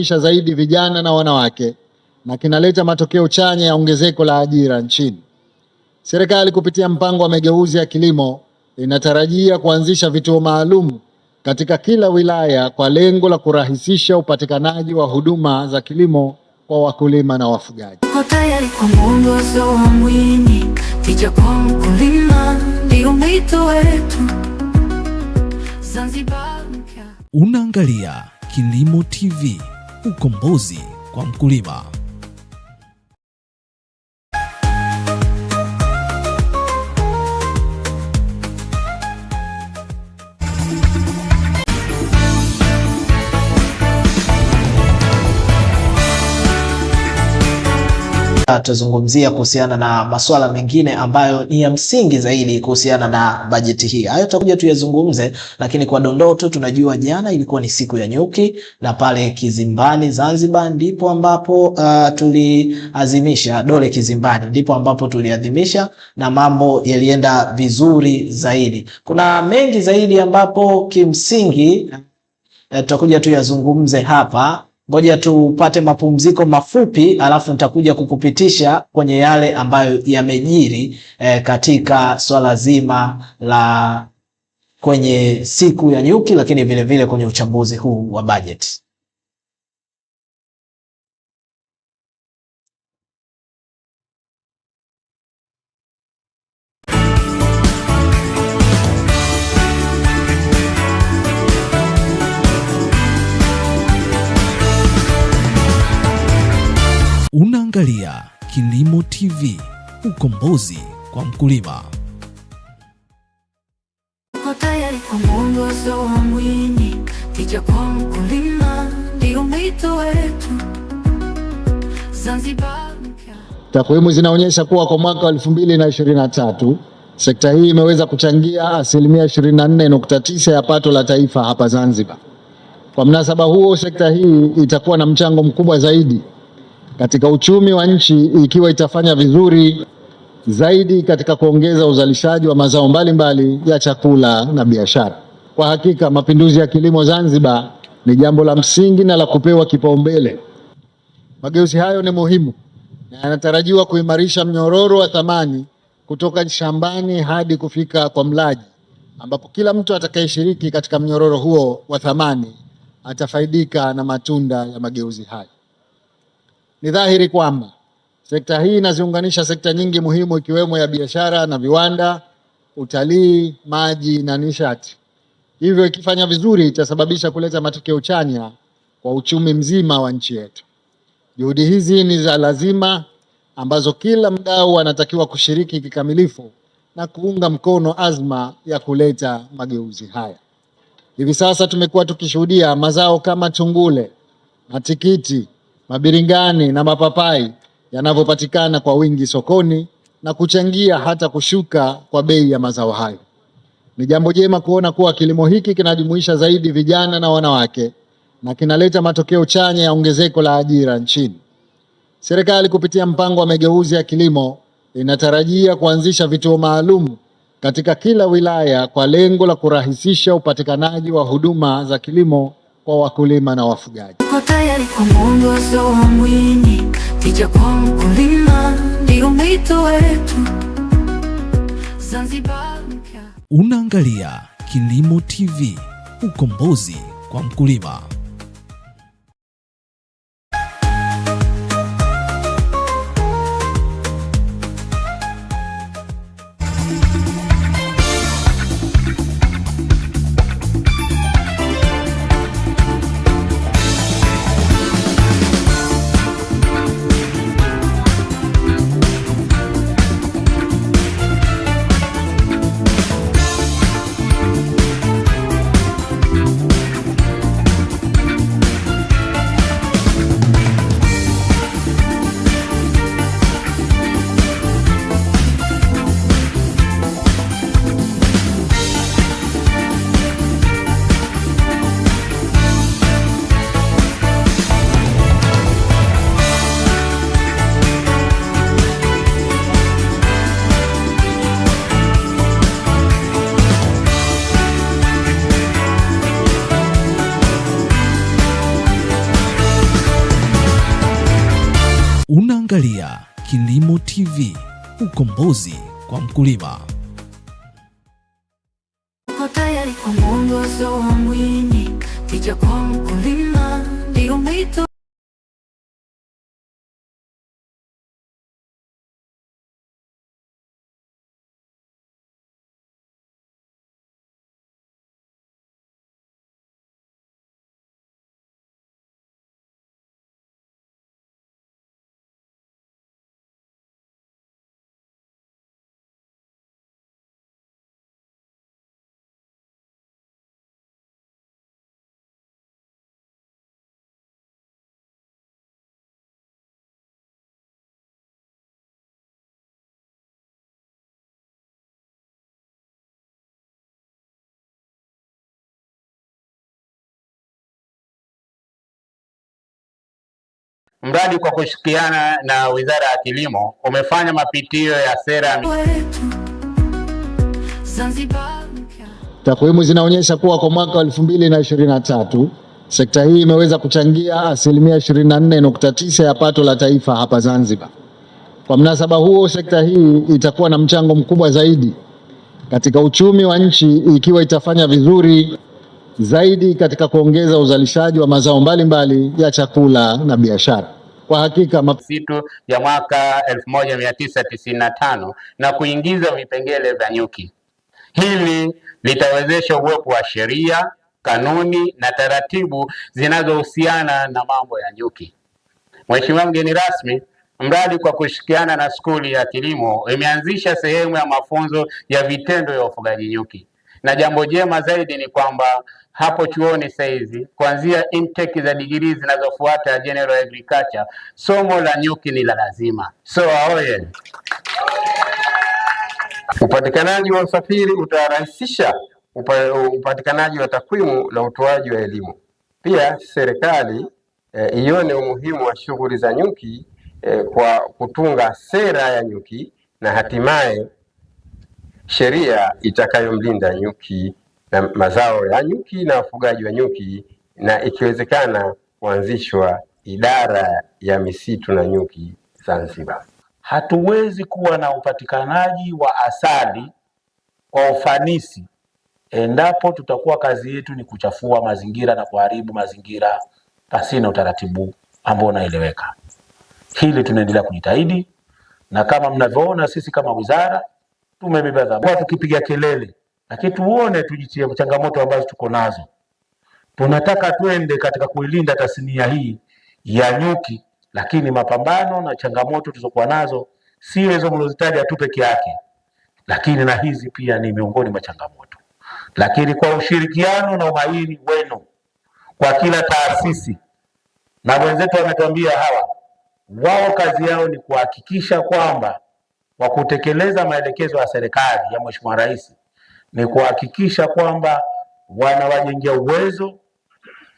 isha zaidi vijana na wanawake na kinaleta matokeo chanya ya ongezeko la ajira nchini. Serikali kupitia mpango wa mageuzi ya kilimo inatarajia kuanzisha vituo maalum katika kila wilaya kwa lengo la kurahisisha upatikanaji wa huduma za kilimo kwa wakulima na wafugaji. Unaangalia Kilimo TV ukombozi kwa mkulima. tutazungumzia kuhusiana na masuala mengine ambayo ni ya msingi zaidi kuhusiana na bajeti hii. Hayo tutakuja tuyazungumze, lakini kwa dondoo tu tunajua jana ilikuwa ni siku ya nyuki, na pale Kizimbani Zanzibar ndipo ambapo uh, tuliazimisha dole Kizimbani, ndipo ambapo tuliadhimisha na mambo yalienda vizuri zaidi. Kuna mengi zaidi ambapo kimsingi eh, tutakuja tuyazungumze hapa ngoja tupate mapumziko mafupi, alafu nitakuja kukupitisha kwenye yale ambayo yamejiri eh, katika swala zima la kwenye siku ya nyuki, lakini vilevile vile kwenye uchambuzi huu wa bajeti. Unaangalia Kilimo TV, ukombozi kwa mkulima. Uko tayari kwa mwongozo wa Mwini, tija kwa mkulima ndio mwito wetu. Zanzibar Takwimu zinaonyesha kuwa kwa mwaka wa 2023 sekta hii imeweza kuchangia asilimia 24.9 ya pato la taifa hapa Zanzibar. Kwa mnasaba huo, sekta hii itakuwa na mchango mkubwa zaidi katika uchumi wa nchi ikiwa itafanya vizuri zaidi katika kuongeza uzalishaji wa mazao mbalimbali mbali ya chakula na biashara. Kwa hakika mapinduzi ya kilimo Zanzibar ni jambo la msingi na la kupewa kipaumbele. Mageuzi hayo ni muhimu na yanatarajiwa kuimarisha mnyororo wa thamani kutoka shambani hadi kufika kwa mlaji, ambapo kila mtu atakayeshiriki katika mnyororo huo wa thamani atafaidika na matunda ya mageuzi hayo. Ni dhahiri kwamba sekta hii inaziunganisha sekta nyingi muhimu ikiwemo ya biashara na viwanda, utalii, maji na nishati. Hivyo ikifanya vizuri itasababisha kuleta matokeo chanya kwa uchumi mzima wa nchi yetu. Juhudi hizi ni za lazima ambazo kila mdau anatakiwa kushiriki kikamilifu na kuunga mkono azma ya kuleta mageuzi haya. Hivi sasa tumekuwa tukishuhudia mazao kama chungule, na tikiti mabiringani na mapapai yanavyopatikana kwa wingi sokoni na kuchangia hata kushuka kwa bei ya mazao hayo. Ni jambo jema kuona kuwa kilimo hiki kinajumuisha zaidi vijana na wanawake na kinaleta matokeo chanya ya ongezeko la ajira nchini. Serikali kupitia mpango wa mageuzi ya kilimo inatarajia kuanzisha vituo maalum katika kila wilaya kwa lengo la kurahisisha upatikanaji wa huduma za kilimo kwa wakulima na wafugaji. Kwa tayari kwa mwongozo wa Mwinyi, tija kwa mkulima ndio mwito wetu. Zanzibar Mpya. Unaangalia Kilimo TV, ukombozi kwa mkulima. Unaangalia Kilimo TV, ukombozi kwa mkulima. Uko tayari kwa mwongozo wa Mwini, tija kwa mkulima ndio mwito Mradi kwa kushirikiana na Wizara ya Kilimo umefanya mapitio ya sera. Takwimu zinaonyesha kuwa kwa mwaka wa tatu sekta hii imeweza kuchangia asilimia 24.9 ya pato la taifa hapa Zanzibar. Kwa mnasaba huo, sekta hii itakuwa na mchango mkubwa zaidi katika uchumi wa nchi ikiwa itafanya vizuri zaidi katika kuongeza uzalishaji wa mazao mbalimbali mbali ya chakula na biashara. Kwa hakika mapito ya mwaka 1995 na kuingiza vipengele vya nyuki. Hili litawezesha uwepo wa sheria, kanuni na taratibu zinazohusiana na mambo ya nyuki. Mheshimiwa mgeni rasmi, mradi kwa kushirikiana na skuli ya kilimo imeanzisha sehemu ya mafunzo ya vitendo ya ufugaji nyuki na jambo jema zaidi ni kwamba hapo chuoni saizi kuanzia intake za digiri zinazofuata general agriculture, somo la nyuki ni la lazima. So aoye upatikanaji wa usafiri utarahisisha upatikanaji wa takwimu na utoaji wa elimu. Pia serikali e, ione umuhimu wa shughuli za nyuki e, kwa kutunga sera ya nyuki na hatimaye sheria itakayomlinda nyuki na mazao ya nyuki na wafugaji wa nyuki, na ikiwezekana kuanzishwa idara ya misitu na nyuki Zanzibar. Hatuwezi kuwa na upatikanaji wa asali kwa ufanisi endapo tutakuwa kazi yetu ni kuchafua mazingira na kuharibu mazingira pasina utaratibu ambao unaeleweka. Hili tunaendelea kujitahidi, na kama mnavyoona sisi kama wizara tumebeba dhambi. Tukipiga kelele, lakini tuone, tujitie changamoto ambazo tuko nazo. Tunataka twende katika kuilinda tasnia hii ya nyuki, lakini mapambano na changamoto tulizokuwa nazo si hizo mlozitaja tu peke yake, lakini na hizi pia ni miongoni mwa changamoto. Lakini kwa ushirikiano na umahiri wenu kwa kila taasisi na wenzetu wametuambia hawa, wao kazi yao ni kuhakikisha kwamba wa kutekeleza maelekezo ya serikali ya Mheshimiwa Rais ni kuhakikisha kwamba wanawajengia uwezo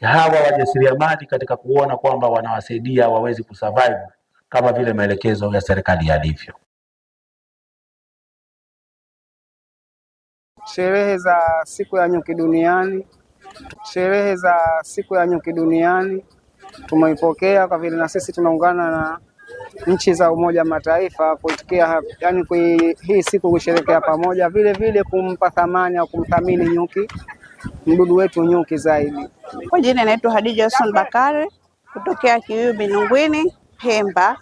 hawa wajasiriamali katika kuona kwamba wanawasaidia wawezi kusurvive kama vile maelekezo ya serikali yalivyo. Sherehe za siku ya nyuki duniani, sherehe za siku ya nyuki duniani tumeipokea kwa vile na sisi tunaungana na nchi za Umoja Mataifa kuitikia, yani kui, hii siku kusherekea pamoja, vile vile kumpa thamani au kumthamini nyuki, mdudu wetu nyuki zaidi. Kwa jina naitwa Hadija Hassan Bakari kutokea Kiuyu binungwini Pemba.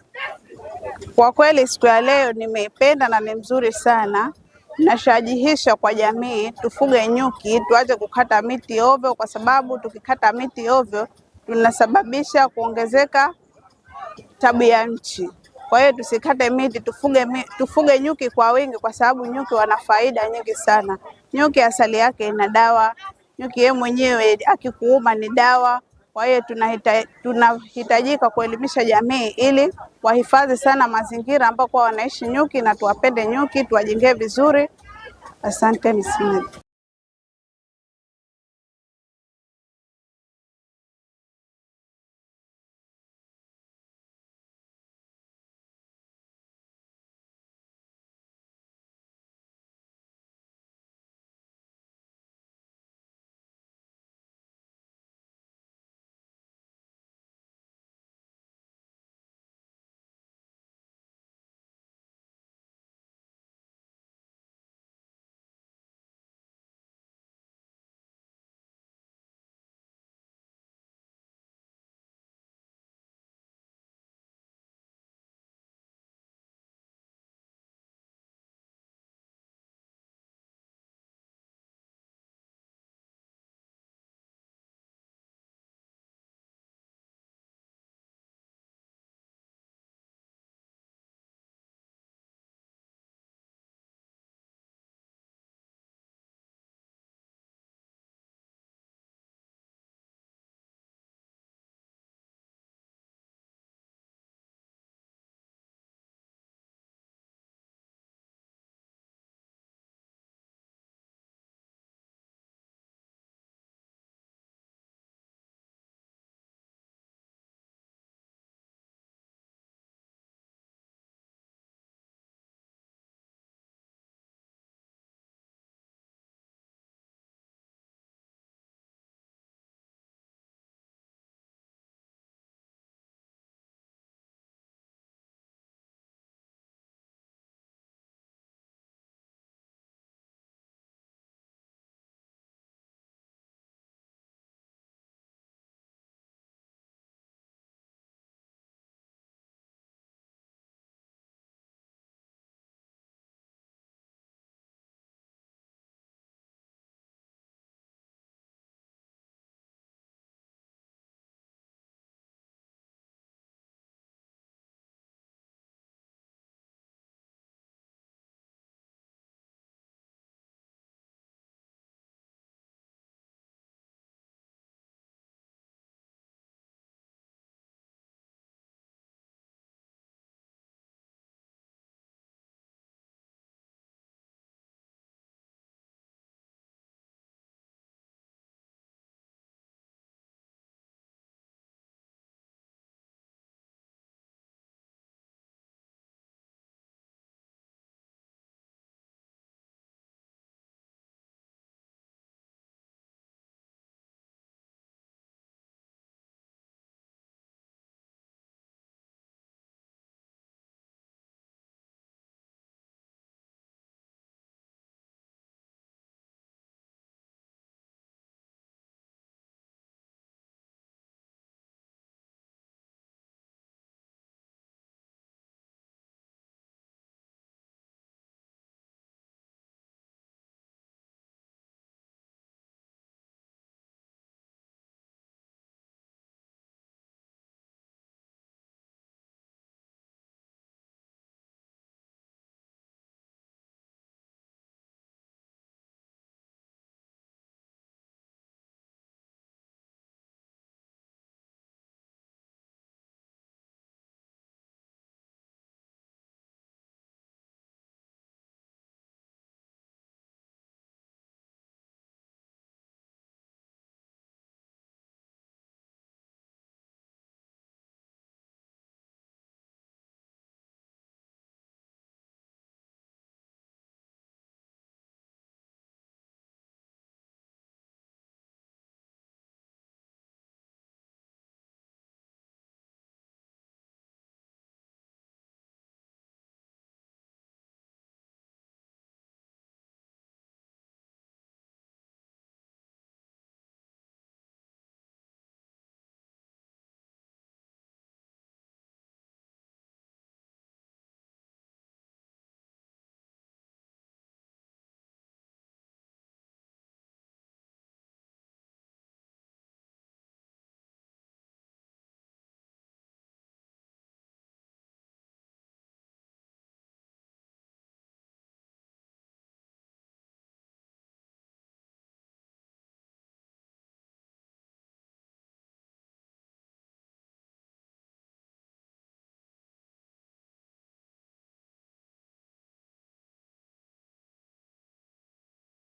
Kwa kweli siku ya leo nimeipenda na ni mzuri sana. Nashajihisha kwa jamii tufuge nyuki, tuache kukata miti ovyo, kwa sababu tukikata miti ovyo tunasababisha kuongezeka tabia nchi. Kwa hiyo tusikate miti, tufuge, tufuge nyuki kwa wingi, kwa sababu nyuki wana faida nyingi sana. Nyuki asali yake ina dawa, nyuki yeye mwenyewe akikuuma ni dawa. Kwa hiyo tunahitajika kuelimisha jamii ili wahifadhi sana mazingira ambapo wanaishi nyuki, na tuwapende nyuki, tuwajengee vizuri. Asante.